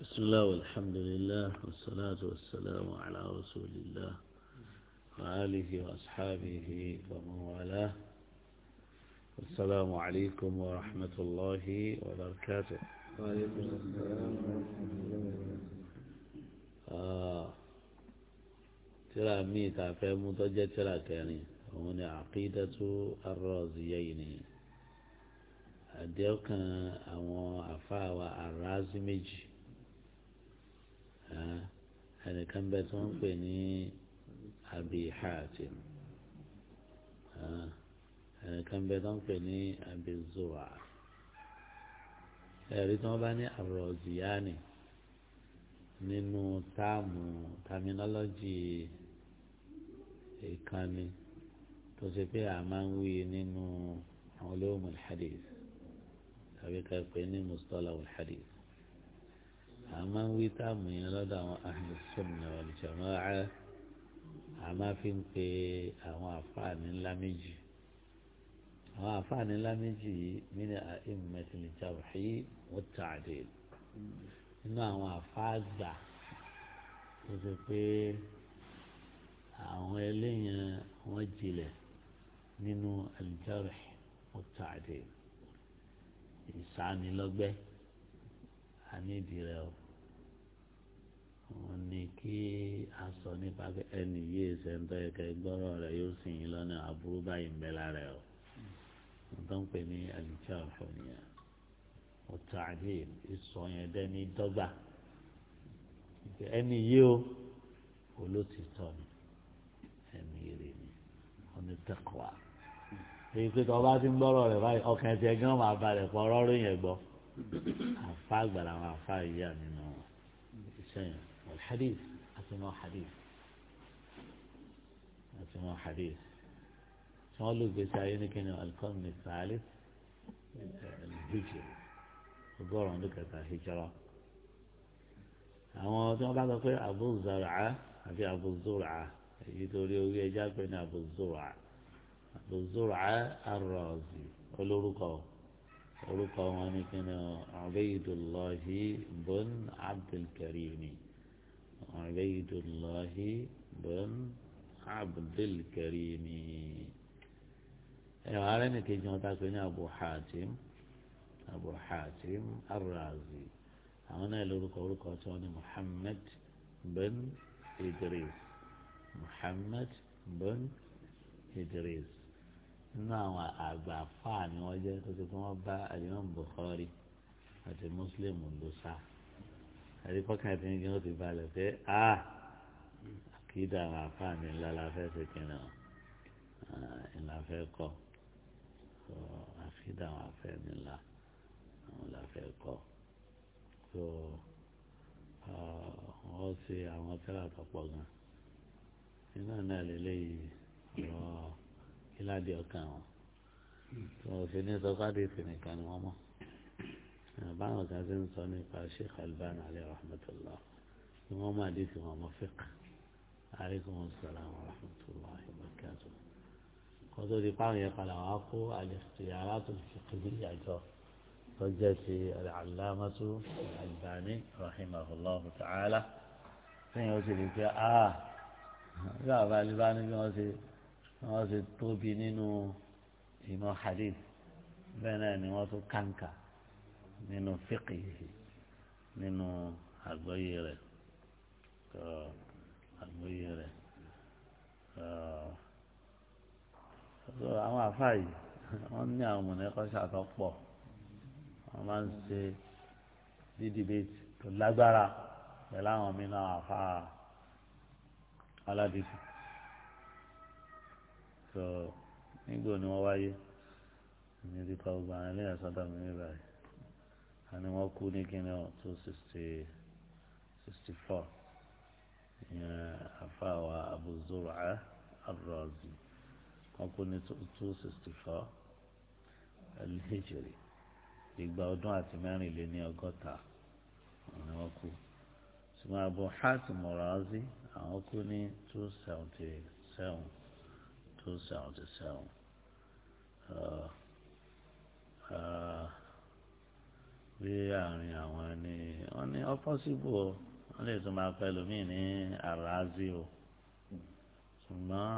بسم الله والحمد لله والصلاة والسلام على رسول الله وآله وأصحابه ومن والاه السلام عليكم ورحمة الله وبركاته وعليكم السلام ورحمة الله وبركاته آه. ترى ميتا في متجة ترى كاني هنا عقيدة الرازيين أديوكا أو أفاوى الرازي مجي ẹnìkan bẹ tí wọ́n ń pè ní Abi Hatim ẹnìkan bẹ tí wọ́n ń pè ní Abi Zura ẹ̀rí tí wọ́n bá ní Ar-Raziani nínú táàmù tàmínọ́lọ́jì ìkànnì tó ṣe pé a máa ń wí nínú ulumul hadith tàbí ká pè ní mustalah hadith àmọ́ ń wí táàmù yẹn lọ́dọ̀ àwọn ahlùsùnà ọ̀lùjọ̀mọ́ ara àmọ́ fi ń pe àwọn àfáàní ńlá méjì àwọn àfáàní ńlá méjì yìí mínà àìmọ̀tìlì jàbùhí wọ́n tààdé nínú àwọn àfáàgbà tó ṣe pé àwọn eléyàn wọ́n jilẹ̀ nínú àlùjọ̀rẹ̀ wọ́n tààdé ìsánilọ́gbẹ́ ànídìí rẹ̀ o wọn ní kí a sọ nípa ẹni yìí ṣẹ̀ńtọ́ ẹ̀kẹ́ gbọ́rọ̀ rẹ̀ yóò sì yín lọ́nà àbúrú báyìí ń bẹ lára o wọn tó ń pè ní àlùjá ọ̀fọ̀ nìyẹn ọ̀tá àdé ìsọ yẹn dẹ́ ní dọ́gba ẹni yìí o olótìtọ́ ni ẹni rè ni onítẹ̀kọ̀wá èyí pé tọ́ bá ti ń gbọ́rọ̀ rẹ̀ báyìí ọkàn ẹ̀jẹ̀ gan máa balẹ̀ pọ̀ ọ̀rọ̀ yẹn gbọ́ àfa àgbàlá àwọn àfa ìyá nínú iṣẹ́ yẹn. الحديث اسمه حديث اسمه حديث قالوا بتعيين كانوا القرن الثالث الهجري الظاهر عندك الهجرة أما بعد أقول أبو الزرعة أبي أبو الزرعة لي ويجاب بين أبو الزرعة أبو الزرعة الرازي olórúkọ orúkọ wọn ni kí ni Ubaydullah bun Abdul Karim ni. عبيد الله بن عبد الكريم العالم كيجي متاكوين أبو حاتم أبو حاتم الرازي أنا لورك ورك محمد بن إدريس محمد بن إدريس نعم àwọn àgbà àfáà ni wọ́n jẹ́ tó ti kí wọ́n àríkọ́kàn tí ní kí wọ́n ti balẹ̀ pé a kì í dára apá mi ńlá la fẹ́ ṣe kìnnà ńlá fẹ́ kọ́ so àfi dára apá mi ńlá ńlá fẹ́ kọ́ so wọ́n ṣe àwọn tẹ́lá tó gan iná náà lélẹ́yìí ọ̀rọ̀ kíládìí ọkàn wọn tí wọ́n fi ní sọ́kádìí nìkan ni wọ́n mọ̀ báwọn kan ṣe ń sọ nípa Sheikh Albani alayhi rahmatullah ni wọ́n máa dé sí wọn mọ́ fíkà aleykum salaam wa rahmatullahi wa barakatuh kótó di pàrọ̀ yẹn padà wá kó al-ikhtiyaratu al-fiqhiyya àjọ tó jẹ́ ti al-allamatu al-Albani rahimahullahu ta'ala sẹ́yìn ó sì rí pé ah bí àbá alibani bí wọ́n ṣe wọ́n ṣe tóbi nínú ìmọ̀ hadith bẹ́ẹ̀ náà ni wọ́n tún kàǹkà nínú fíkìhì nínú àgbọ́yé rẹ̀ tó àgbọ́yé rẹ̀ tó àwọn àfáà yìí wọ́n ní àwọn mọ̀nẹ́kọ́sà tó pọ̀ wọ́n máa ń ṣe dídìbẹ́tì tó lágbára pẹ̀lú àwọn mìíràn àfáà aládìsí tó nígbò ni wọ́n wáyé ní ti pa gbogbo àwọn ẹlẹ́yà sọ́dọ̀ mi ní ni wọ́n kú ní kíni ọ̀ tó sixty sixty four ìyẹn afáwa Abu Zur'a ar-Razi wọ́n kú ní two sixty four al-Hijri ìgbà ọdún àti mẹ́rin lé ní ọgọ́ta ni wọ́n kú ṣùgbọ́n Abu Hatim ar àwọn kú ní two seventy seven two seventy seven. Uh, uh, bí àárín àwọn ni wọ́n ní ọ́pọ́síbù o wọ́n lè tún máa pẹ́ lómi ní àràázi o ṣùgbọ́n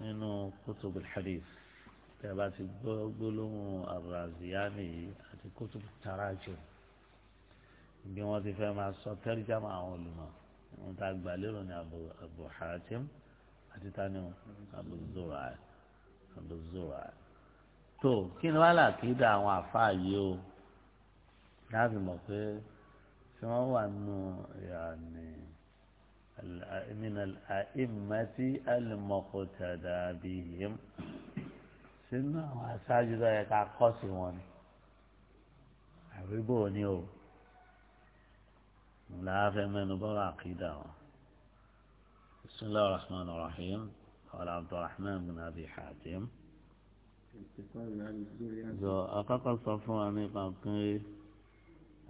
nínú kótóbù hadith tí a bá ti gbọ́ gbólóhùn àràáziyáni yìí àti kótóbù tarajo bí wọ́n ti fẹ́ máa sọ tẹ́rìjàmọ́ àwọn olùmọ̀ wọn ta gbà lérò ní Abu Hatim àti tani Abu Zur'a Abu Zur'a tó kí ni wàhálà kí dá àwọn àfáà o. هذا المقصد ثم هو أنه يعني من الأئمة المقتدى بهم سنة وساجدة يقع قاسمون حبيبون يو لا فهم أنه بغى عقيدة بسم الله الرحمن الرحيم قال عبد الرحمن بن أبي حاتم يعني. زو أقاق الصفواني قاقيه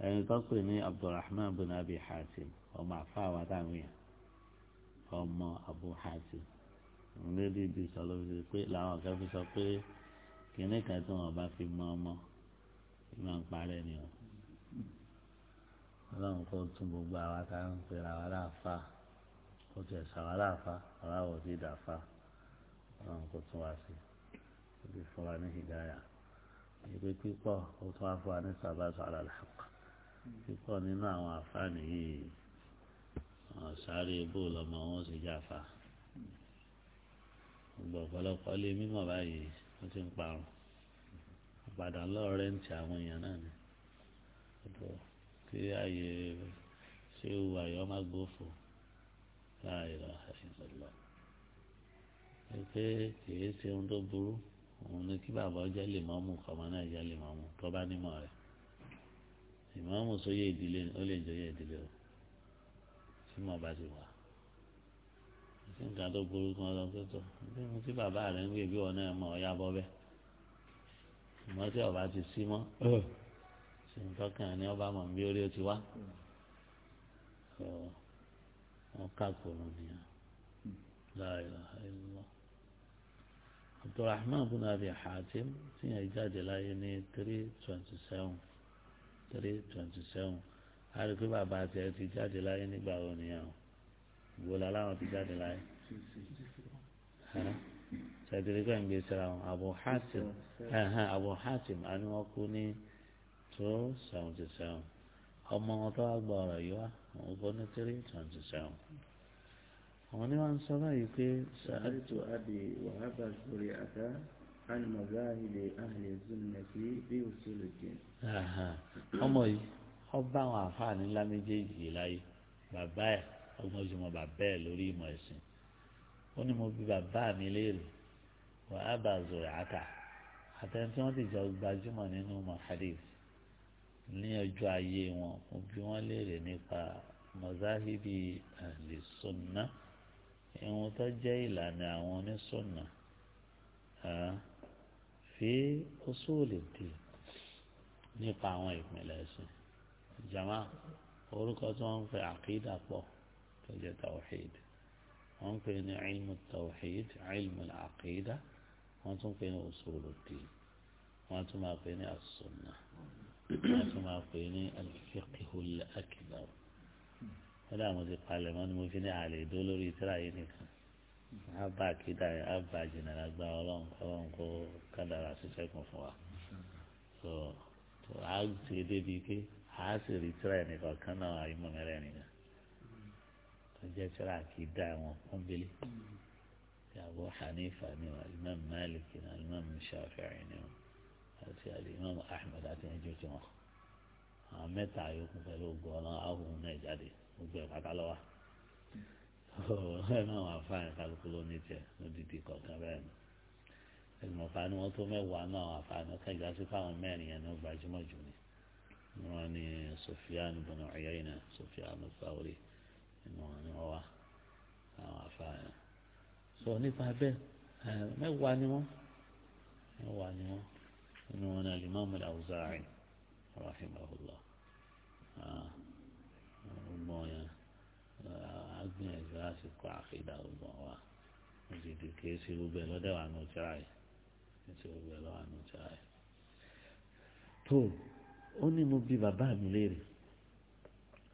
ẹni tó pè ní abdulrahman bin abi hatim ọmọ àfáàwá táwọn yẹn ọmọ abu hatim nídìí di sọlọ fi pé làwọn kan fi sọ pé kìnnì kan tí wọn bá fi mọ ọmọ ìmọ̀ ń parẹ́ ni o ọlọ́run kò tún gbogbo àwa tá à ń pera wa láàfa kò tẹ̀ sàwa láàfa àwa ti dàfa ọlọ́run kò tún wá sí i fún wa ní hìdáyà ìpè pípọ̀ ó tún wá fún wa ní sàbàtà àlàlà kan púpọ̀ nínú àwọn àfáàní yìí wọn sáré bó lọmọ wọn sì jáfa gbogbo ọ̀pọ̀lọpọ̀ lé mímọ̀ báyìí wọ́n ti ń parun àpàdà lọ́ọ̀rẹ́ ń ti àwọn èèyàn náà ni kí ààyè ṣé o àyọ̀ má gbófò láàyè lọ àṣìṣe lọ pé kìí ṣe ohun tó burú òun ni kí bàbá ọjọ́ lè mọ́mù kọ́mọ náà jẹ́ lè mọ́mù tó bá nímọ̀ rẹ̀ ìmáàmù sóyè ìdílé ó lè jọyè ìdílé o tí mo bá ti wà tí nǹkan tó burú kan lọ pé tó bí mo ti bàbá rẹ ń gbé bí wọn náà mọ ọyá bọ bẹ ìmọ̀ tí ọba ti sí mọ́ ṣe nǹkan kan ní ọba mọ̀ bí orí ó ti wá wọn kákòrò nìyẹn láàyè lọ. Abdulrahman bin Abi Hatim tí yẹn jáde ni? ní three twenty seven three twenty seven a rí i pé bàbá tiẹ̀ ti jáde láyé nígbà wo nìyẹn o ìgbòlá láwọn ti jáde láyé sẹ̀dúrẹ́gbẹ̀ ń gbé síra wọn Abu Hatim Abu Hatim àni wọn kú ní two seventy seven ọmọ wọn tó wá gba ọ̀rọ̀ yìí wá wọn kú ní three twenty seven àwọn oníwà ń sọ báyìí pé. sàárè tó wàhálà sórí àtà. عن مذاهب أهل السنة في أصول الدين ọmọ yìí ọba àwọn àfààní ńlá méjèèjì láyé bàbá ẹ ọmọ ìjùmọ̀ bàbá ẹ lórí ìmọ̀ ẹ̀sìn ó ní mo bí bàbá mi léèrè wà á bá zòrò àtà àtẹni tí wọ́n ti jọ gbajúmọ̀ nínú mohadif ní ọjọ́ ayé wọn mo bí wọ́n léèrè nípa mọ̀záhíbì àlìsọ́nà ìwọ̀n tó jẹ́ ìlànà àwọn onísọ̀nà. في أصول الدين nípa àwọn ìpìlẹ̀ ẹ̀sìn jama orúkọ tí wọ́n ń pè àkídà pọ̀ tó jẹ́ tawhid wọ́n ń pè ní ilmu tawhid ilmu àkídà wọ́n tún pè ní usuluddin wọ́n tún máa pè ní as-sunnah wọ́n tún máa pè ní al-fiqhul akbar wọ́n dà mo ti palẹ̀ mọ́ ni mo fi ní àlè dó lórí tíra yìí nìkan. àbá àkídà yẹn àbá jìnnàlá gba ọlọ́run ọlọ́run kó kádàrà ṣiṣẹ́ kan fún wa tó a ṣe débi pé a sì rí tíra ẹ̀ nìkan náà àyímọ̀ mẹ́rẹ̀ nìyẹn tó jẹ́ tíra àkídà wọn pọ́nbélé Abu Hanifa ni wọn Imam Malik ni wọn Imam Shafi'i ni wọn àti Imam Ahmad àti ẹjọ́ tí wọn àwọn mẹ́ta yòókù pẹ̀lú ògùn ọlọ́run ahùn náà jáde gbogbo ẹ̀ pátá lọ́wọ́. ẹ náà kálukú ló ní tiẹ̀ lódìdí kọ̀ọ̀kan bẹ́ẹ̀ ni ẹgbọn fa ni wọn tó mẹ́wàá náà wà fa ni kẹjá sí fáwọn mẹ́rin yẹn ní gbajúmọ̀ jù ni wọn ni Sufyan ibn Uyayna Sufyan Thawri ni wọn ni wọn wà àwọn afa yẹn sọ nípa bẹ́ẹ̀ mẹ́wàá ni wọn mẹ́wàá ni wọn ni wọn ni al-Imam al-Awza'i ah, yẹn agbìyànjú àsìkò àkídà ọgbọ̀n wa òdìdí kìí ṣe gbogbo ẹ̀ lọ́dẹ̀ wà nù tíra yìí kìí ṣe gbogbo ẹ̀ lọ́wọ́ nù tíra yìí. tó ó ní mo bí bàbá mi léèrè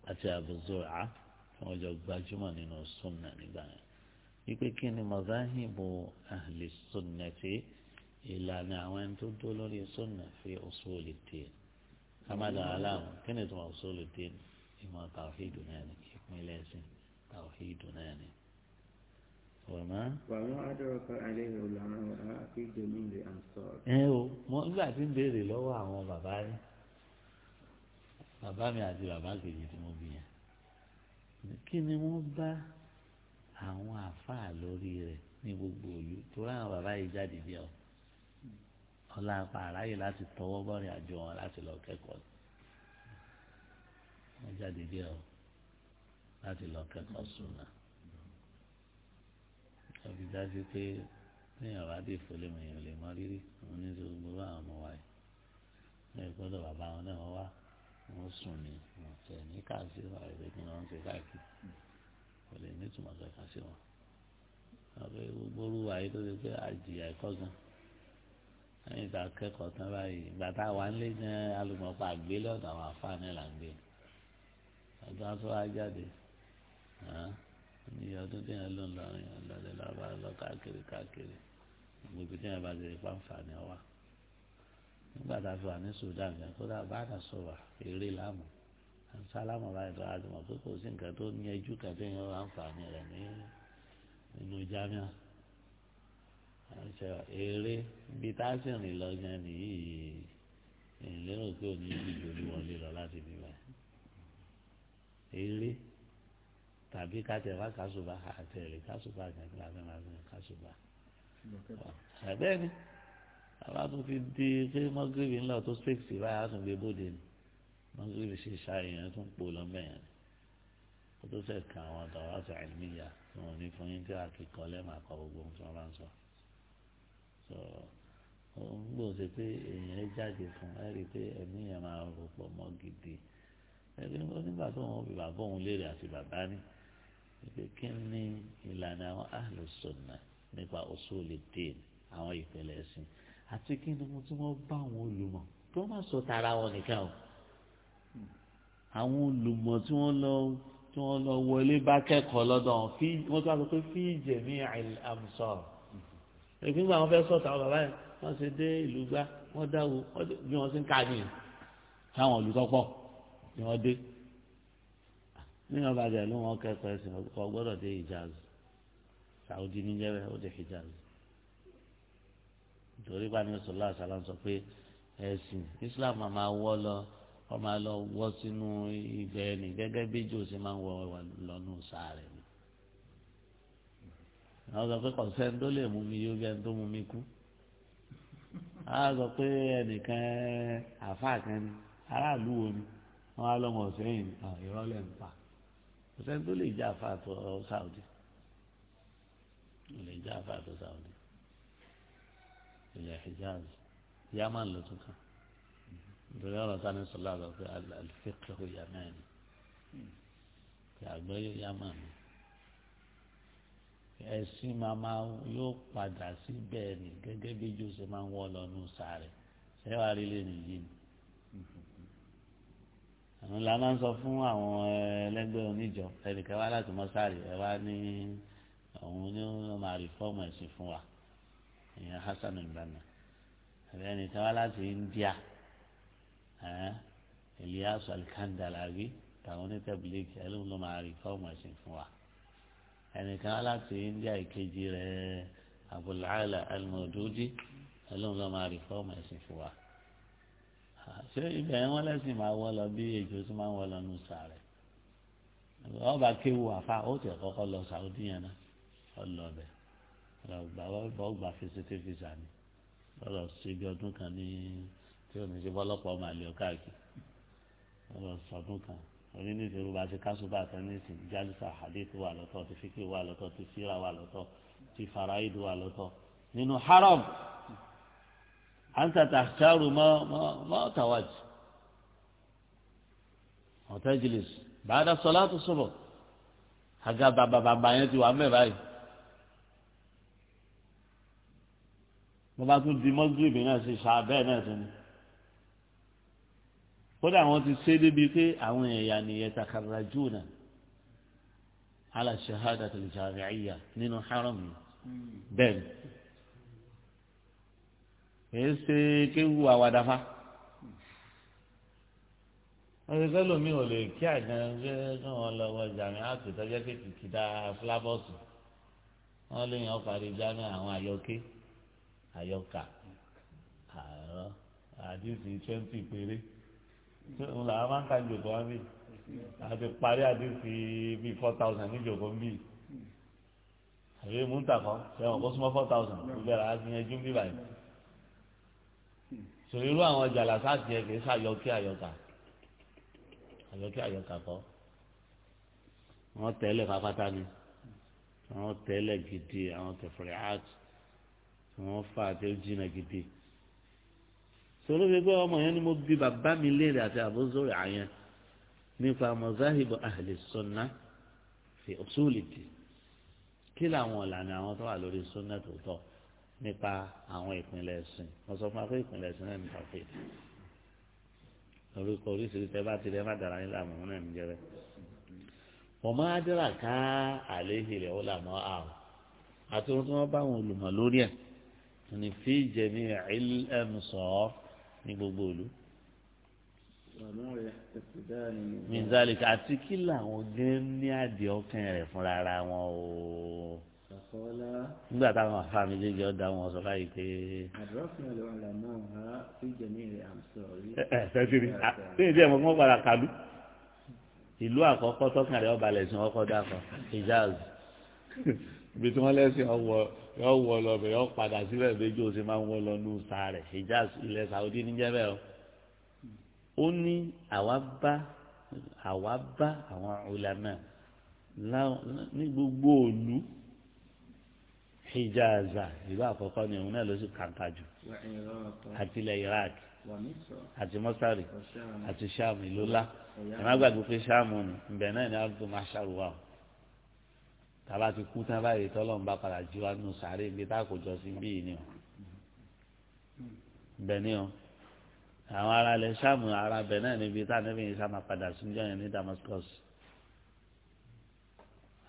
àti àbùzọ̀rà tí wọ́n jọ gbajúmọ̀ nínú sunna nígbà yẹn wípé kí ni mazahibu ahli sunnati ìlànà àwọn ẹni tó dó lórí sunna fi usulid din amadu alam kí ni tó ma usulid din ìmọ̀ tàwíìdù ìpínlẹ̀ ẹ̀sìn tàwíìdù náà ni. wàmọ́. wàmọ́ adọ́rọ̀kọ àlejò lànà àfíìdù mi lè à ń sọ̀rọ̀. ẹ o mo nígbà tí ń béèrè lọ́wọ́ àwọn bàbá rí bàbá mi mo bí yẹn kí ni wọ́n bá àwọn àáfàá lórí rẹ̀ ní gbogbo òlu torí àwọn bàbá yìí jáde bí ọ ọlá àpàrà yìí láti tọwọ́ bọ́rin àjọ wọn láti lọ kẹ́kọ̀ọ́ wọn jáde bí ọ láti lọ kẹ́kọ̀ọ́ súnà ọbí dájú pé lẹ́yìn ọ̀rọ̀ adé ìfọlẹ́mọ̀ èèyàn lè mọ rírì òun ní ti gbogbo bá àwọn ọmọ wa yìí lẹ́yìn gbọ́dọ̀ bàbá wọn náà wá wọ́n sùn ní wọn tẹ̀ ní káàsì wà rẹ̀ pé kí wọ́n ti káàkiri kò lè ní ìtumọ̀ kankan sí wọn. àbẹ gbogbo olúwa yìí tó ti pé àjìyà ẹ̀kọ́ gan lẹ́yìn tá kẹ́kọ̀ọ́ tán báyìí ìgbà tá a wà ń lé gan alùpùpù àgbélé ọ̀dọ̀ àwọn àfáàní là ń gbé ọjọ́ ní ọdún tí yẹn ló ń lọ rìn lọlẹ lọba lọ káàkiri káàkiri gbogbo tí yẹn bá ti pa nfààní ọwà nígbà tá a fi wà ní Sudan yẹn kó dà bá a sọ̀rọ̀ eré láàmú sálámù láì tó àti mọ̀ pé kò sí nǹkan tó ní ẹjú kan tí yẹn wà nfààní rẹ̀ ní inú jámíà àṣẹ eré bíi tá a sì rìn lọ yẹn nìyí ìlérò pé òní ìjòlú wọlé lọ láti bí báyìí eré tàbí kátẹ wá kásùbà àtẹrẹ kásùbà kankan àti màmí kásùbà. àbẹ́ ni àbá tó ti di pé mọ́gírìbì ńlọ tó sèkìsì báyà tún gbé bóde ni mọ́gírìbì ṣe ṣàyẹn tún pò lọ́mẹ́yìn kó tó fẹ́ kan àwọn tàwọn àti àìníyà tí wọ́n ní fún yín tí wàá kíkọ́ lẹ́mọ̀ àkọ́ gbogbo ohun tí wọ́n bá ń sọ. ó ń gbòòsè pé èèyàn jáde fún ẹ rí i pé ẹ̀mí yẹn máa rò pọ̀ mọ́ gidi ẹbí nígbà tó wọn fi bàbá òun léèrè àti bàbá ní ìpè kí ni ìlànà àwọn ahlu sunnah nípa usuli din àwọn ìpìlẹ̀ ẹ̀sìn àti kí ni mo tí wọ́n bá àwọn olùmọ̀ tí wọ́n máa sọ tara wọn nìkan o àwọn olùmọ̀ tí wọ́n lọ tí wọ́n lọ wọlé bá kẹ́kọ̀ọ́ lọ́dọ̀ wọn tó wá sọ pé fi jami'il amsar èmi gba àwọn fẹ́ sọ̀tà àwọn bàbá yẹn wọ́n ṣe dé ìlú gbá wọ́n dáwọ́ bí wọ́n ṣe ń ka nìyẹn táwọn olùtọ́pọ̀ ni wọ́n dé ní ọba àjẹ ló wọn kẹ́kọ̀ọ́ ẹ̀sìn ọkọ gbọ́dọ̀ dé hijaz saudi níjẹrẹ ó dé hijaz torí báni sọlá àṣàlá sọ pé ẹ̀sìn islam máa wọ lọ wọn máa lọ wọ sínú ibẹ̀ ni gẹ́gẹ́ bí jòsì máa ń wọ lọnù sáré ni àwọn sọ pé kọ̀sẹ́ni tó lè mú mi yó bí ẹni tó mú mi kú àwọn sọ pé ẹnìkan àfáà kan ni aráàlú wo ni wọn á lọ́mọ ọ̀sẹ̀ yìí ìrọ́lẹ̀ ń pa kò sẹ́ni tó lè já fàtó sáúdì lè já fàtó sáúdì ilẹ̀ hijaz yaman ló tún kàn nítorí ọ̀rọ̀ sani sọlá lọ pé alifẹ́kẹ́hù yaman pé àgbẹ̀yẹ yaman ẹ̀sìn màmá yóò padà síbẹ̀ ni gẹ́gẹ́ bí jù ṣe máa ń wọ́ lọ nù sáré ṣẹ́wàá rí lè nìyí ni òun la máa ń sọ fún àwọn ẹlẹgbẹ́ oníjọ ẹnìkan wá láti mọ́sálì ẹ wá ní òun ní máa rí fọ́ọ̀mù ẹ̀sìn fún wa ìyẹn Hasan al-Banna ẹnìkan wá láti India Elias al-Kandalawi tàwọn onítẹ̀bílẹ̀kì ẹlòmí ló máa rí fọ́ọ̀mù ẹ̀sìn fún wa ẹnìkan wá láti India ìkejì rẹ̀ Abul Ala ẹlòmí ló máa rí fọ́ọ̀mù ẹ̀sìn fún wa ṣé ibẹ̀ wọn lẹ́sìn máa wọ́ lọ bí èjò tó máa ń wọ́ lọ nù sàrẹ̀ ọba kéwu àfa ó tẹ̀ kọ́kọ́ lọ sàwùdí yẹn náà ọlọ́ọ̀bẹ̀ ọgbà ọgbà fesete fisa ni lọ́dọ̀ síbi ọdún kan ní tí omi ṣe bọ́lọ́pọ̀ máa lé ọkọ àgbẹ̀ lọ́dọ̀ sọdún kan orí ní ìṣòro bá ṣe ní ìsìn jálùsà hadith wà lọ́tọ̀ ti fíkì wà lọ́tọ̀ ti síra wà lọ́tọ̀ ti faraid wà lọ́tọ̀ nínú haram. أنت تختار ما ما ما تود وتجلس بعد صلاة الصبح حاجة بابا بابا ينتي وعمي باي bàbá tún di mọ́gìrìbì náà ṣe ṣàbẹ́ náà sí ni kódà àwọn ti ṣe débi pé àwọn èèyàn nìyẹn takara jù náà ala shahadatul jami'iyya nínú haram bẹ́ẹ̀ ni kìí ṣe kéwu àwàdàfà ọ̀sẹ̀kẹ́ lomi ò lè kí àgbọn ṣe kí wọ́n lọ wọ jàmí àti tọ́jọ́ pé kìkìdá fúlábọ́ọ̀sì wọ́n lè yàn parí jámẹ́ àwọn àyọkẹ́ àyọkà àárọ̀ àdìsí twenty péré ń là á máa ń ka jòkó wá bí àti parí àdìsí bíi four thousand ní jòkó bíi àbí múntàkọ́ ṣẹ́wọ̀n kó súnmọ́ four thousand ìbẹ̀rẹ̀ àti yẹn jú bíbáyìí sòrí irú àwọn jàlásá tiẹ̀ kì í sàyọkí àyọkà àyọkí àyọkà kọ́ wọ́n tẹ́lẹ̀ fapátá ni wọ́n tẹ́lẹ̀ gidi àwọn tẹ̀fẹ̀rẹ̀ art wọ́n fà á tí ó jìnnà gidi sòrí gbogbo ọmọ yẹn ni mo bí bàbá mi léèrè àti àbózó rẹ̀ àyẹn nípa mọ̀záhìbù ahli sunna fi usuli ti kí làwọn ọ̀làna àwọn tó wà lórí sunna tó tọ́ nípa àwọn ìpínlẹ̀ ẹ̀sìn wọ́n sọ fún wa pé ìpínlẹ̀ ẹ̀sìn náà ní tàfé orúkọ oríṣiríṣi tẹ bá ti rẹ má dara ní làmú náà ní jẹrẹ wọ́n máa dẹ́ra ká àléhì rẹ̀ ó làmọ́ àrùn àti ohun tí wọ́n bá àwọn olùmọ̀ lórí ẹ̀ ní fi jẹ̀mí ẹ̀m sọ ọ́ ní gbogbo òlu. mizalik àti kí làwọn gẹ́gẹ́ ní àdìọ́kàn rẹ̀ fúnra ara wọn o nígbà táwọn afa mi lè jẹ ọdọ àwọn ọsọ láyé pé. ẹsẹsiri ṣéyìn tí ẹ ah, mọ kí wọn padà kàlú ìlú àkọ́kọ́ tọkàn rẹ ọba lẹsìn ọkọ dàpọ hijaz ibi tí wọn lẹsìn ọwọ yọ wọ lọ bẹ yọ padà síbẹ̀ méjì ó sì máa ń wọ lọ ní usa rẹ hijaz ilẹ̀ saudi níjẹ́ bẹ́ẹ̀ o. ó ní àwa bá àwa bá àwọn ulama ní gbogbo òlu hijaza ìlú àkọ́kọ́ ni òun náà ló sì kàńkà jù àti ilẹ̀ iraq àti mọ́sárì àti sàmù ìlú ńlá ẹ̀rọ àgbàgbé pé sàmù ni ìbẹ̀ náà ni arúgbó máa ṣàrùwà o tàbá ti kú tán báyìí tọ́lọ́mù bá padà jí wa nù sàárè ibi tá kò jọ sí bíi ni o ìbẹ̀ ni o àwọn ará ilẹ̀ sàmù ará bẹ̀ náà níbi tá a níbi yìí sàmà padà sí jọ́yìn ní Damascus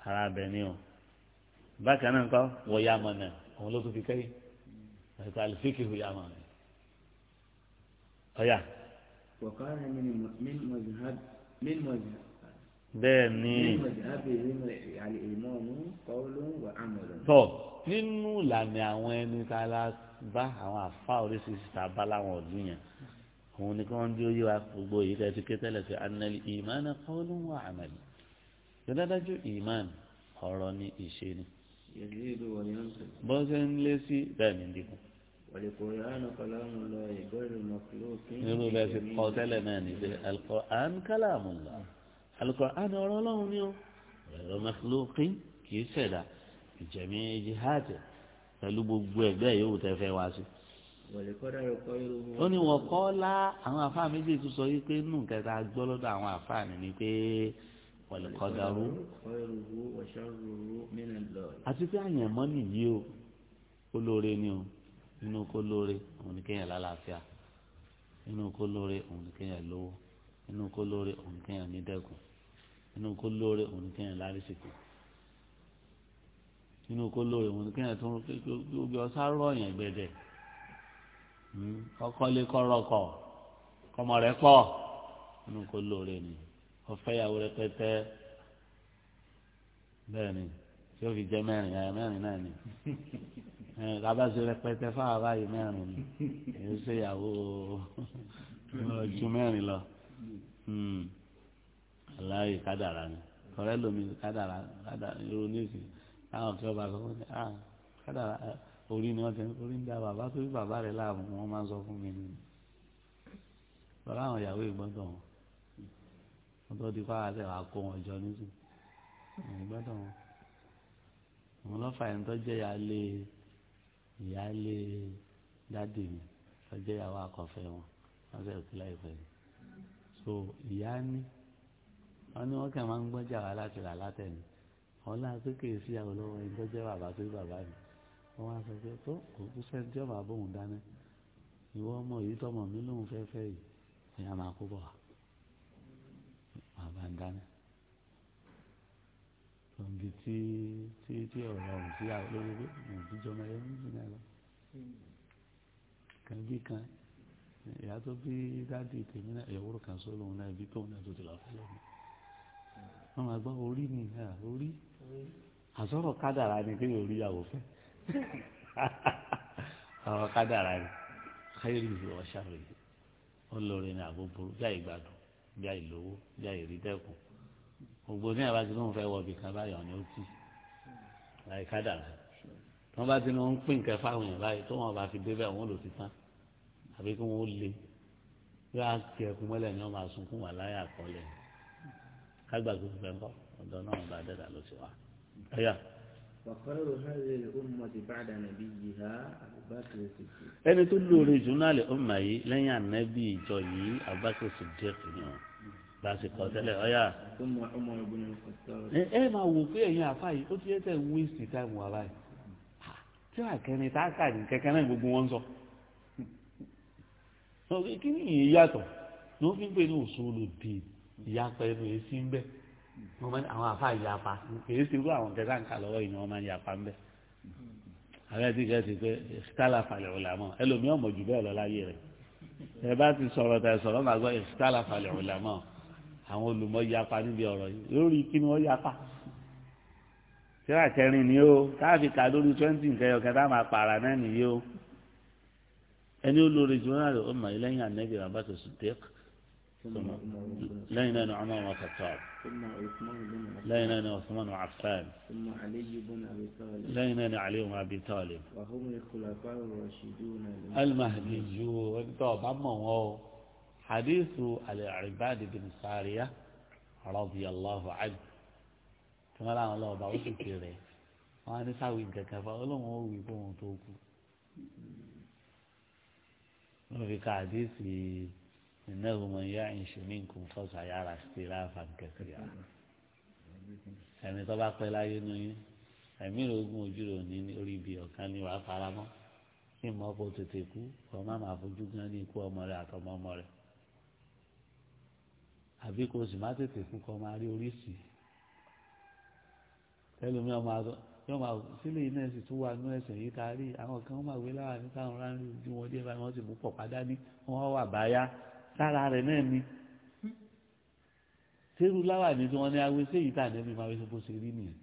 ará bẹ̀ ni o bákan náà nǹkan wọ yàmọ̀ náà òun ló tún fi kẹ́yìn ẹ̀ka àlùfíkì hù yàmọ̀ náà. ọ̀yà. wọ̀kọ́rẹ́ mi ni mi mọ̀jìhá mi mọ̀jìhá. bẹ́ẹ̀ ni. mi mọ̀jìhá bèèrè mi àlè ìmọ̀ ọ̀hún kọ́ọ́lù wà á mọ̀ lọ́nà. tọ́ nínú ìlànà àwọn ẹni tá a la bá àwọn àfa oríṣiríṣi tá a láwọn ọ̀dún yẹn òun ni kí wọ́n dí oyé wa gbogbo èyí tẹ́ ti ké tẹ́lẹ̀ sí anẹ́lì ìmánà kọ́ọ́lù wà á mọ̀ lọ́nà. yọ̀dájú ìmánà ọ̀rọ̀ ni ìṣe ni bọ́sẹ̀ ń lé sí bẹ́ẹ̀ ni dínkù. irú bẹ́ẹ̀ ti kọ́ tẹ́lẹ̀ náà ní pé alukur'an kalamullah alukur'an ọ̀rọ̀ ọlọ́run ni ó ẹ̀rọ mẹ́kúlókì kì í ṣẹ̀dá ìjẹ̀mí jihadi pẹ̀lú gbogbo ẹ̀gbẹ́ yòówù tẹ́ fẹ́ wá sí. ó ní wọ́n kọ́ lá àwọn afáà méjì tó sọ yìí pé nù kẹta gbọ́ lọ́dọ̀ àwọn afáà ní ni pé wàlùkọ́dáró. àti pé àyànmọ́ nìyí o olóore ni o nínú kó lóore òun ni kéèyàn lálàáfíà nínú kó lóore òun ni kéèyàn lówó nínú kó lóore òun ni kéèyàn nídẹ̀kùn nínú kó lóore òun ni kéèyàn lárísìkò nínú kó lóore òun ni kéèyàn tó ń gbé ọsán rọ̀yàn gbẹdẹ hmm, kọ́kọ́lé kọ́rọ́kọ́ kọ́mọ rẹ̀ pọ̀ nínú kó lóore nìyí ọ̀fẹ́yàwó rẹpẹtẹ bẹ́ẹ̀ ni tí ó fi jẹ mẹ́rin ẹ mẹ́rin náà ni ẹ kábàṣe rẹpẹtẹ fáwọn báyìí mẹ́rin ni èyí ṣèyàwó ju mẹ́rin lọ hmm. aláyè kádàrà ni ọ̀rẹ́ lomi kádàrà irun nísìnyí táwọn kí ọba sọ fún mi ah kádàrà orí ni wọ́n ti orí ń da bàbá tó bí bàbá rẹ̀ láàmú wọ́n máa ń sọ fún mi nínú lọ́la àwọn ìyàwó ìgbọ́dọ̀ wọn wọ́n tó di pàrọ̀ àti àkó wọn jọ nísìn àwọn gbọ́dọ̀ wọn àwọn ọlọ́fà yẹn tó jẹ́ ìyáálé ìyáálé dáàdì mi tó jẹ́ ìyàwó akọ̀fẹ́ wọn wọ́n sì kú láìpẹ́ yìí so ìyá ní wọ́n ní wọ́n kàn máa ń gbọ́jà wá láti rà látẹ̀yìn wọ́n náà pé kì àwọn olówó ẹni tó bàbá tó bàbá mi wọ́n wá sọ pé tó òkú sẹ́ńtì ọ̀bà bóun dáná ìwọ ọmọ yìí tọmọ mi lòun fẹ́ fẹ́ yìí ẹ̀yà máa kó bọ̀ wá bàǹdáná tòǹbì tí tí tí ọ̀rọ̀ ọ̀hún sí lórí pé òun ti jọmọ ẹ ń lọ kan bí kan ìyá tó bí dáàdì tèmi náà ìyàwó kan sọ lòun náà ibi tóun náà tó ti lọ fẹ́ lọ́mọ wọn máa gbọ́ orí ni orí àsọ̀rọ̀ kádàrá ni pé orí yàwó fẹ́ àwọn kádàrá ni káyọ̀rì ìwọ̀ ṣàròyé ọlọ́rin ni àbúburú jáì gbádùn bí àìlówó bí àìrídẹ́kùn gbogbo ní àbá tí wọ́n fẹ́ wọ ibì kan báyọ̀ ni ó tì láì kádàrà tí wọ́n bá ti ní wọ́n ń pín nǹkan fáwọn èèyàn báyìí tó wọ́n bá fi débẹ̀ wọ́n lò ti tán àbí kí wọ́n lé yóò á ti ẹkún mọ́lẹ̀ ni wọ́n máa sunkún wà láyé àkọọ́lẹ̀ kágbà fẹ́ kọ́ ọ̀dọ́ náà bá dẹ́dà ló ti wá. ẹni tó lóore jù náà lè ọmọ yìí lẹ́yìn ànábì ìjọ yìí Abubakar Siddiq ni wọn lásìkò tẹ́lẹ̀ ọ̀yà. ẹ máa wò pé ẹ̀yin àfa yìí ó ti yẹ tẹ̀ wíìsì táìmù wa báyìí ah, tí wàá kẹ́ni tá a kà ní kẹ́kẹ́ náà gbogbo wọn sọ. kí ni ìyẹn yàtọ̀ ní wọ́n fi ń pè ní òṣòlù dì ìyapa ẹnu èsì ń bẹ wọ́n máa ń àwọn àfa ìyapa kìí ṣe irú àwọn kẹta ń kà lọ́wọ́ yìí ni wọ́n máa ń yapa ń bẹ. àwọn ẹtí kẹ́ ti pé ìṣítàlà falẹ̀ ọ̀làmọ́ ẹlòmíràn mọ̀ jù bẹ́ẹ̀ lọ láyé rẹ̀ ẹ bá ti sọ̀rọ̀ tẹ̀ sọ̀rọ̀ màgbọ́ ìṣítàlà falẹ̀ ọ̀làmọ́ àwọn olùmọ̀ yapa níbi ọ̀rọ̀ yìí lórí kí ni wọ́n yapa tíra kẹrin ni ó káàfi kà lórí twenty nkẹyọ kẹta máa para náà nìyí ó ẹni olórí jùlọ rẹ ó mà yìí lẹ́yìn anabi rabato sùdẹk lẹ́yìn náà ni ọmọ wọn kàtọ lẹ́yìn náà ni Usman wọn afan lẹ́yìn náà ni Ali wọn abi Talib alimahdi ju ẹni tó ọba mọ wọn o hadithu al-Irbad bin Sariyah radiyallahu anhu tí wọ́n láwọn lọ́wọ́ bá ó sì ti rẹ̀ wọ́n á ní sáwì kankan fa ọlọ́run ó wí fún òun tó kú. wọ́n fi ka hadithu innahu man ya'ish minkum fasayara ikhtilafan kathira ẹni tó bá pẹ́ láyé nù yín ẹ̀mí ìrògùn ojú rò ní orí ibi ọ̀kan ni wàá faramọ́ kí n mọ́ kó tètè kú kọ́ má má fojú gan ní ikú ọmọ rẹ àtọmọ ọmọ rẹ àbí kò sì má tètè fún kọ́ máa rí oríṣi ẹlòmíì ọmọ àtọ yóò máa sílé iná ẹsì tó wà nínú ẹsẹ yìí ká rí àwọn kan wọn máa wé láwà ní káwọn rárí bí wọn dé báyìí wọn sì mú pọ̀ padà ní wọn wà báyà sára rẹ̀ náà ni tẹ́rù láwà ní tí wọ́n ní awé séyìí tá ànẹ́bí máa wé sọ bó ṣe rí nìyẹn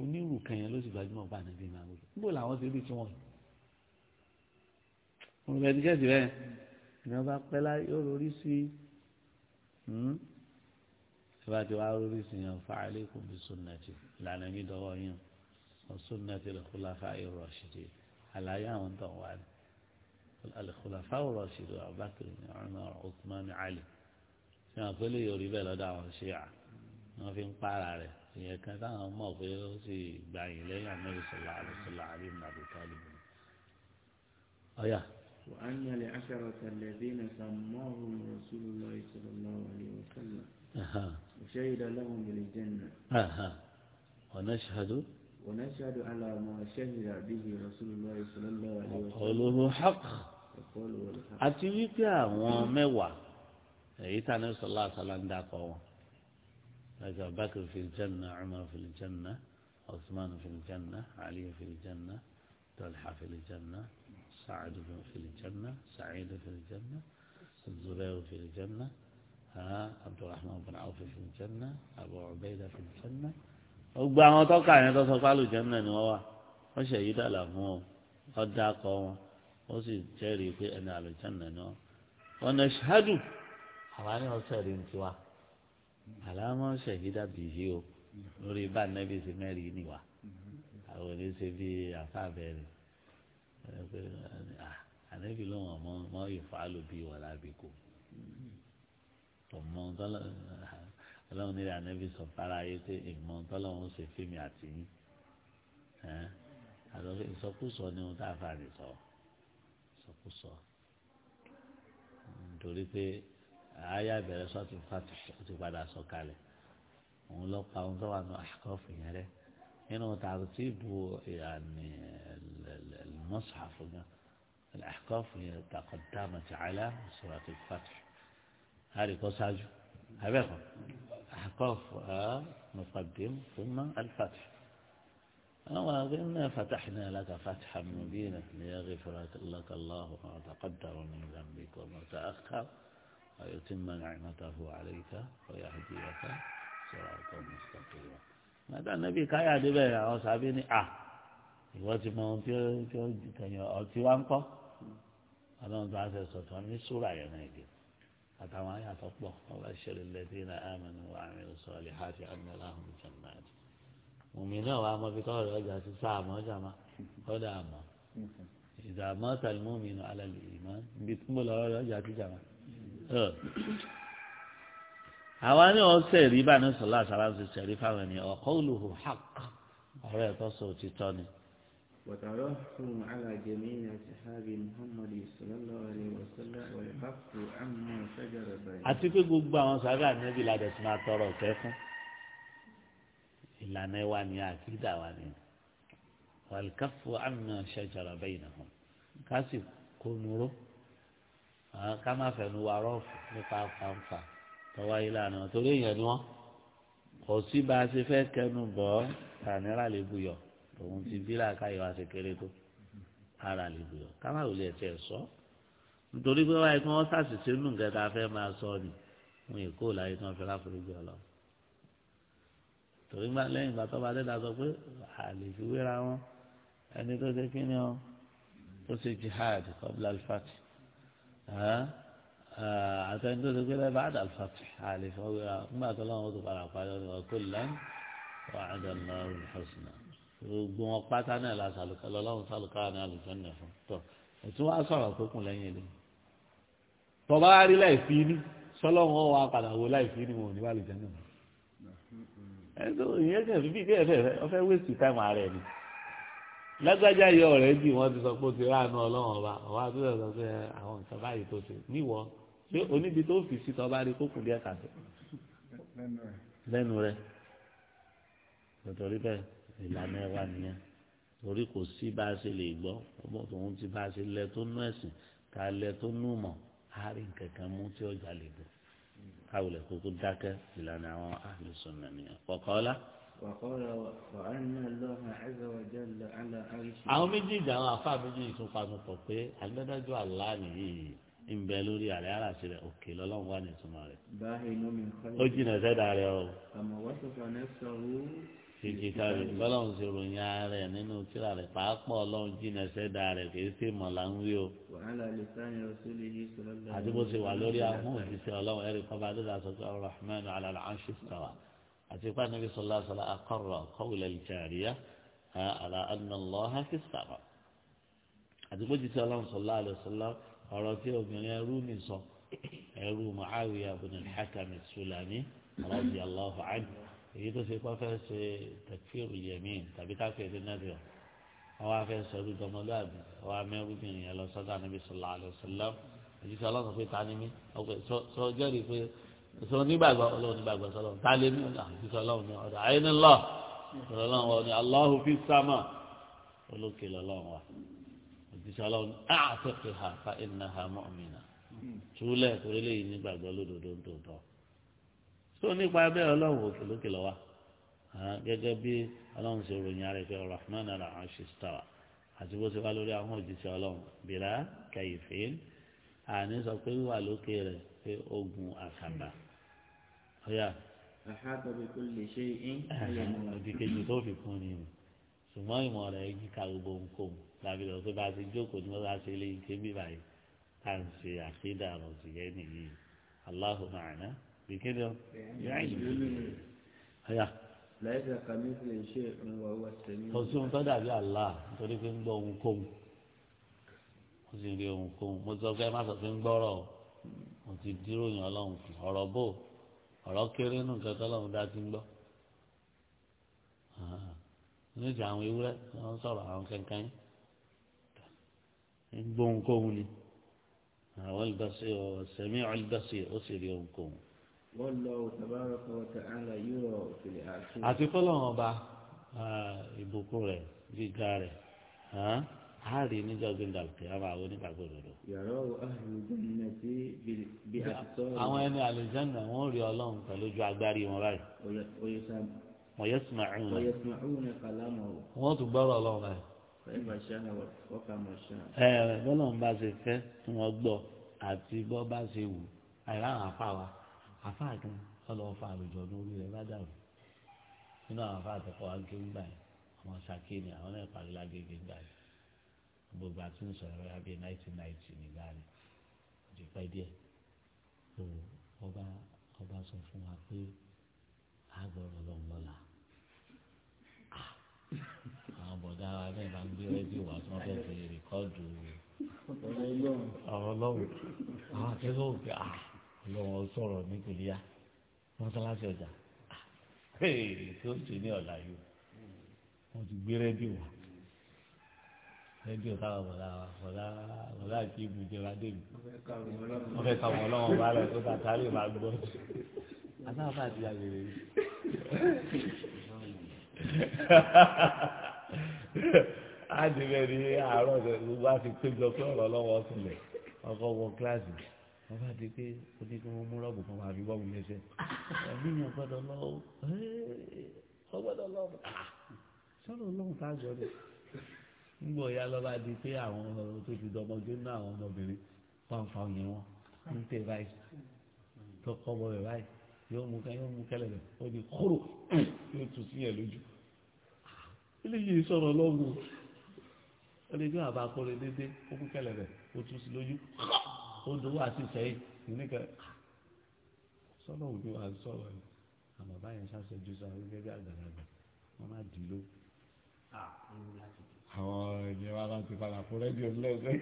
onírù kan yẹn ló sì gbajúmọ̀ bá ànẹ́bí máa wé níbo làwọn ṣe rí tiwọn. mo rẹ̀ ní kẹ́sì rẹ̀ ni wọ́n bá pẹ́ láyé ó rorí sí i ìbá hmm? ti wá rúrí sí yẹn fa alaykum bi sunnati ìlànà mi dọ́wọ́ yẹn wa sunnati al-khulafa'i ar-rashidin àlàyé àwọn tó wà ní al-khulafa'i ar-rashidin Abubakar Umar Uthman Ali ṣé wọn pélé yorì bẹ́ẹ̀ lọ́dọ̀ àwọn ṣíà wọn fi ń pààrà rẹ̀ ìyẹn kan táwọn mọ̀ pé ó sì gbàyìn lẹ́yìn àmọ́ ìṣọ̀lá àlùsọ̀lá àbí nàbùkálì ọ̀yà. وأن لعشرة الذين سماهم رسول الله صلى الله عليه وسلم أها. وشهد لهم بالجنة أها. ونشهد ونشهد على ما شهد به رسول الله صلى الله عليه وسلم وقوله حق وقوله الحق àti يا àwọn أيتا èyí الله صلى الله عليه وسلم ń dàpọ̀ wọn ẹ̀ka bákìrì fi jẹ́nà Umar fi jẹ́nà Usman fi jẹ́nà Ali fi jẹ́nà Talha سعد في الجنة سعيد في الجنة الزبير في الجنة ها عبد الرحمن بن عوف في الجنة أبو عبيدة في الجنة gbogbo àwọn tọ́ka yẹn tó sọ pálù jẹ́nà ni wọ́n wà wọ́n ṣe yí dàlà fún ọ ọ dákọ wọn ó sì jẹ́rìí pé ẹni àlùjẹ́nà ni wọ́n wọn ní ṣáàdù àwa ni wọ́n sẹ̀rí ń tiwa àlámọ́ ṣe yí dàbí yìí o lórí bá nẹ́bí sí mẹ́rin níwà àwọn oníṣẹ́ bíi àfáàbẹ̀rẹ̀ ànẹ́bí ló wọ̀n mọ́ mọ́ ìfàlù bíi wà lábìkú ọmọ ọlọ́run nílẹ̀ ànẹ́bí sọ fara ayé pé ìmọ̀ tọ́lọ́run ṣe fíìmù àti yín àtọ́fẹ́ ìsọkúsọ ni ohun tá a fà ní sọ ìsọkúsọ nítorí pé àyà bẹ̀rẹ̀ sọ́ọ̀tì fàtìsọ ti padà sọ kalẹ̀ òun lọ pa ohun tó wà ní yẹn rẹ nínú tààtìbù ìyànnì المصحف الأحقاف هي تقدمت على سورة الفتح هذه قصاج هذا أحقاف مقدم ثم الفتح ولكن فتحنا لك فتحا مبينا ليغفر لك الله ما تقدم من ذنبك وما تأخر ويتم نعمته عليك ويهديك صراطا مستقيما ماذا النبي كاي عدبه يا اه ìwọ ti mọ ohun tí ó tí ó kẹyìn ọtí wa ń kọ́ ọlọ́run tó a ṣe sọ̀tọ̀ ní sùúrà yẹn náà èdè àtàwọn ayé àtọ́pọ̀ ọba ṣẹlẹ̀ lẹ́tí ní amẹ́nu wa àmìlú sọ̀lẹ̀ àti àmìlú ahùn jẹ̀nàdì. mùmí náà wàá mọ fi tọ́wọ́ rẹ̀ ọjà sí sáàmọ́ jàmá ọ̀dà àmọ́ ìdààmú tàlímùmí nù alẹ́ ìmọ̀ ibi tí mo lọ́wọ́ rẹ̀ ọjà sí jàmá. àwa ni wọ́n sẹ̀rí وترحم على جميع أصحاب محمد صلى الله عليه وسلم والحق عما شجر بينهم àti pé gbogbo àwọn sàbẹ̀ ànábì la dẹ̀ sì máa tọrọ ọ̀fẹ́ fún ìlànà wa ni àkídà wa ni wàlùkàfọ̀ àmì ṣàjàrà bẹ́yìn náà ká sì kónúró ká má fẹnu wa rọ́ọ̀fù nípa fanfa tọwọ́ ìlànà torí èèyàn ni wọ́n kò sí bá a ṣe fẹ́ kẹnu bọ́ tànírà lè buyọ̀ òun ti bí làákàyọ̀ àti kéré tó ara lè gbé ọ kámá ò lè tẹ̀ sọ nítorí pé wáyé kí wọ́n ṣàṣìṣe nù kẹta fẹ́ máa sọ ni wọn èkó láyé kí wọ́n fẹ́ láforíjì ọlọ torí gbà lẹ́yìn ìgbà tó bá dé dasọ pé àlè fi wéra wọn ẹni tó ṣe kí ni ọ tó ṣe jihad kọ́bílà alifati àtẹni tó ṣe pé lẹ́bàá àdà alifati àlè fi tó lọ́wọ́ tó padà parí ọdún ọkọ̀ lẹ́yìn wàá dàn lọ́rùn hosùnà gbogbo wọn pátá náà la sàlùkà lọ́lọ́run sàlùkà náà àlùjànnà fún tọ́ ẹ̀tún wá sọ̀rọ̀ tó kùn lẹ́yìn ilé tọba rí láìsí ní sọlọ́run ọ̀ wá padà wo láìsí ní wọn ò ní wà àlùjànnà fún. ẹ̀sọ́ ìyẹn kẹ̀ fífi díẹ̀ fẹ́ fẹ́ ọfẹ́ wéèsì táìmù ààrẹ ni lágbájá yọ ọ̀rẹ́ jì wọ́n ti sọ pé ó ti ráàánú ọlọ́run ọba ọba tó sọ pé eh, àwọn nǹkan báyìí tó ṣe níwọ ṣé oníbi tó fi sí tọba rí kókùn díẹ̀ kàtó lẹ́nu rẹ̀ lọ́tọ̀ rí bẹ́ẹ̀ ìlànà ẹwà nìyẹn torí kò sí bá a ṣe lè gbọ́ ọgbọ́n tòun ti bá a ṣe lẹ tó nú ẹ̀sìn ká lẹ tó nú mọ̀ á rí nkankan mú tí ọjà lè gbọ́ káwọlẹ̀ kókó dákẹ́ ìlànà àwọn àlùsùn nìyẹn kọ̀kọ́lá. àwọn méjèèjì àwọn àfa méjèèjì tún panu pọ̀ pé adájọ́ àlá nìyí ń bẹ lórí àlẹ́ àràsí rẹ̀ òkè lọ́lọ́run wà ní ìtumọ̀ rẹ̀. ó jìnà sẹ́dá rẹ̀ o. àmọ̀ wá sọ̀tàn ẹ̀ sọ̀rọ̀ fìkìtà rẹ̀ bọ́lọ́run sì ròyìn ara rẹ̀ nínú tíra rẹ̀ pàápọ̀ ọlọ́run jìnnà sẹ́dá rẹ̀ kì í sì mọ̀ láńwí o. àti bó ṣe wà lórí ahọ́n òṣìṣẹ́ ọlọ́run ẹ̀rí kọ́ba adéda sọ́kọ́ rahman alala anṣistawa àti ipá níbi sọlá sọlá akọ́rọ̀ kọ́wìlẹ̀ ìjàríyá àlà anàlọ́hà fi sàrà. àti bó ṣiṣẹ́ ọlọ́run sọlá àlùsọlá ọ̀rọ̀ tí obìnrin ẹrú mi sọ ẹrú muawiya bin al-hakam as-sulami radiyallahu anhu èyí tó ṣe kọ́ fẹ́ ṣe tẹ̀kíìrù yẹ̀mí tàbí káfíń ẹ̀dín náà bíọ̀ àwọn afẹ́ sọ̀rọ̀ dọmọlúàbí àwọn amẹ́rúbìnrin yẹn lọ sọ́dọ̀ àníbi sọ̀lá àlọ́sọ̀lá èyí sọ ọlọ́run pé ta ni mí ọkọ̀ sọ jẹ́rìí pé sọ onígbàgbọ́ ọlọ́run onígbàgbọ́ sọlọ́run ta lé mi ọ̀dà àti sọlọ́run ní ọ̀dà àyínní lọ ọlọ́run wọn ni aláhu fi sámà olókè tó nípa bẹ́ẹ̀ ọlọ́run òkè lókè lọ́wọ́ gẹ́gẹ́ bí ọlọ́run ṣe ròyìn ara ìfẹ́ rahman ala arshi stawa àti bó ṣe wá lórí àwọn òjíṣẹ́ ọlọ́run bìlá kẹyìfín àní sọ pé wíwà lókè rẹ̀ pé ogun àkàbà ọ̀yà. àhábà bí kò lè ṣe é ń. òdìkejì tó fi kún ni ṣùgbọ́n ìmọ̀ rẹ̀ yí ká gbogbo nǹkan tàbí lọ sí bá a ti jókòó ní wọ́n bá ṣe lé ike bí báyìí à ń ṣe àfihàn ọ̀sìn yẹn nìyí Allahu ma'ana ìkéde ọ ọyà. láìsí àkàmì ìfìlẹ̀ iṣẹ́ ìwà wà tẹ̀lé. kò sí ohun tó dàbí àlá nítorí pé ń gbọ́ ohunkóhun mo sì rí ohunkóhun mo sọ pé má sọ pé ń gbọ́rọ̀ o mo ti dúró yàn ọlọ́run fún ọ̀rọ̀ kéré nù nǹkan tó lọ́run dá ti ń gbọ́. oníṣẹ́ ah, àwọn ewúrẹ́ wọ́n sọ̀rọ̀ àwọn kankan ń gbọ́ ohunkóhun ni àwọn ìbáṣe ọ̀sẹ̀mí ọ̀lùbáṣe ó sì rí ohunkóhun àti kọ́lọ́run ọba ìbùkún rẹ̀ gíga rẹ̀ a rí níjọ́ gbẹ̀ndà pé a máa wọ nígbàgbọ́ òdodo. àwọn ẹni àlùjánnà wọn rí ọlọ́run pẹ̀lú ojú agbárí wọn báyìí. wọ́n yẹ sùn àrùn náà wọ́n tún gbọ́rọ̀ ọlọ́run báyìí. ẹ bọ́lá ń bá ṣe fẹ́ tí wọ́n gbọ́ àti bọ́ bá ṣe wù àìláhàn afá wa àfáà kan ọlọ́wọ́ fa àlùjọ ní orí rẹ̀ bá dàrú nínú àwọn àfáà tó kọ́ wa ń ké ńgbà yẹn àwọn sàké ni àwọn náà parí lágbègbè ńgbà yẹn gbogbo àti ń sọ̀rọ̀ rẹ̀ abẹ́ náìtì náìtì nígbà rẹ̀ ọjọ́ pẹ́ díẹ̀ tó ọba ọba sọ fún wa pé àgbọ̀rọ̀ lọ́n lọ́la àwọn bọ̀dá wa náà máa ń gbé rédíò wá tí wọ́n fẹ́ fi rìkọ́ọ̀dù ọ̀rọ̀ lọ́wọ́ àwọn akẹ́kọ̀ọ́ ọlọ́wọ́n sọ̀rọ̀ ní kòlíyà mọ́sálásí ọjà ah, tí ó ṣe ní ọ̀la yìí wọ́n ti gbé rédíò wá rédíò táwọn bọ̀dá bọ̀dá bọ̀dá àti ibùjọba débi wọ́n fẹ́ kàwọn ọlọ́wọ́n bá rẹ̀ tó tàtà lè máa gbọ́ aláàbà àti àgbèrè yìí á ti bẹ́ẹ̀ ni àárọ̀ gbogbo á ti péjọ pé ọ̀rọ̀ ọlọ́wọ́ sílẹ̀ ọkọ̀ wọ kíláàsì wọ́n bá di pé ó ní kí wọ́n mú rọ́ọ̀bù kan wàá fi bọ́ọ̀bù lẹ́sẹ̀ ẹ̀mí ni ọgbọ́dọ̀ lọ ọgbọ́dọ̀ lọ ah, sọ́dọ̀ ọlọ́run tá a jọ rẹ̀ ńgbọ̀ ya lọ́ bá di pé àwọn tó ti dọmọjú náà àwọn ọmọbìnrin fanfan yẹn wọn ń tẹ báyìí tó kọ́ bọ́ bẹ̀ báyìí yóò mú kẹ́ yóò mú kẹ́lẹ̀ rẹ̀ ó di kóró yóò tù sí yẹn lójú ah, eléyìí sọ̀rọ̀ lọ́wọ́ ó lè gbé àbá kọ́lé déédéé ó mú kẹ́lẹ̀ rẹ̀ ó tù sí lójú ó dowó àti sẹ́yìn nìkan sọ́nà òjò wa sọ̀rọ̀ ẹ̀ àmọ́ báyìí ṣáṣẹ́ ju sọ àwọn gẹ́gẹ́ àgbàlagbà wọ́n má dì í ló. Ah, àwọn ìyẹn wa máa padà fún rẹ́díò lẹ́sẹ̀.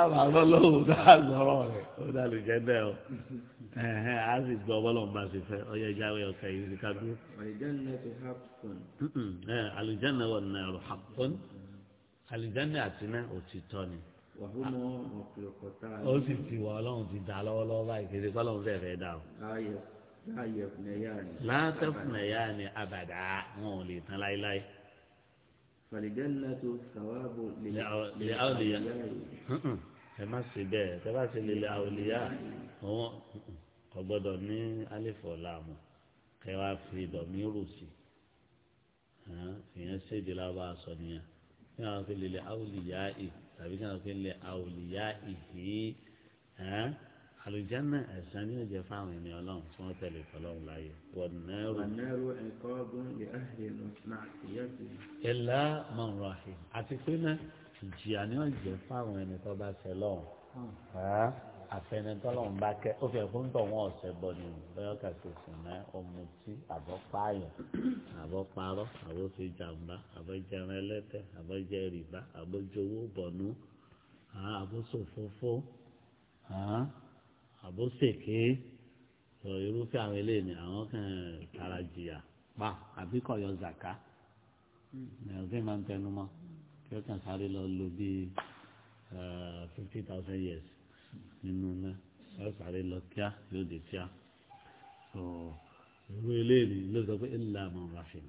àmọ́ àlọ́lọ́wọ́ tá a rẹ̀ ó dàlù jẹ́ bẹ́ẹ̀ o a sì gbọ́ bọ́lọ̀ bá sì fẹ́ ọyẹ jáwé ọ̀sẹ̀ yìí ká dúró. àlùjánnà wà nàró hàpọ́n àlìjáde àti náà òtítọ́ ni ó sì ti wọ ọlọ́run ti dà lọ́wọ́lọ́wọ́ báyìí kí ẹsẹ̀ kọ́lọ́run fẹ́ẹ́ fẹ́ẹ́ dà o. látẹ̀fún ẹ̀yà ni abàdà wọn ò lè tán láéláé. fàlìjánilátò sàwábò lè àwòlíyá ẹ má ṣe bẹ́ẹ̀ tẹ́ bá ṣe lè àwòlíyá wọn kò gbọ́dọ̀ ní alẹ́fọ̀ làmù kẹ́ fi dọ̀mí rù sí ìyẹn ṣèdí lábàá sọ nìyẹn kí wọn fi lè awùlìyá ì tàbí kí wọn fi lè awùlìyá ìhì hàn àlùjáná ẹ̀sán ní ọjọ́ fáwọn ènìyàn ọlọ́run tí wọ́n tẹ̀lé ìfọlọ́run láàyè. wọ̀nẹ́rù ẹ̀kọ́ ọdún lè áhìlẹ̀ lọ máa tìyẹ́ sí. ẹ̀là àti pé náà ìjìyà ni wọ́n fáwọn ẹni tó bá ṣẹ lọ́run àfẹnitọ́lọ́hún bá kẹ́ ó fi ẹ̀fọ́ ń tọ̀ wọ́n ọ̀sẹ̀ bọ̀ ni bẹ́ẹ̀ kàṣẹ sùn náà ọmọtí àbọ̀páàyàn àbọ̀parọ́ àbọ̀ṣe jàǹbá àbọ̀jẹrin ẹlẹ́tẹ̀ àbọ̀jẹ rìbá àbọ̀jowó bọ̀nú àbọ̀ṣòfófó àbọ̀ṣèké irúfẹ́ àwọn eléyìí ni àwọn kan tara jìyà pa àbí kọ̀ yọ zàká ẹ̀rọ fi máa ń tẹnu mọ́ kí ó kàn sáré lọ lo bíi fifty thousand years. nínú náà wọ́n sáré lọ kíá yóò dé kíá tó irú eléyìí ló sọ pé ilà mọ̀ ràfin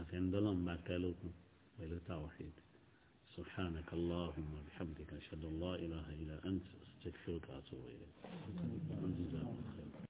àfẹnudọ́lọ́mùbá kẹ́lókun pẹ̀lú tawhid سبحانك اللهم وبحمدك أشهد الله إله إلا أنت استغفرك وأتوب إليك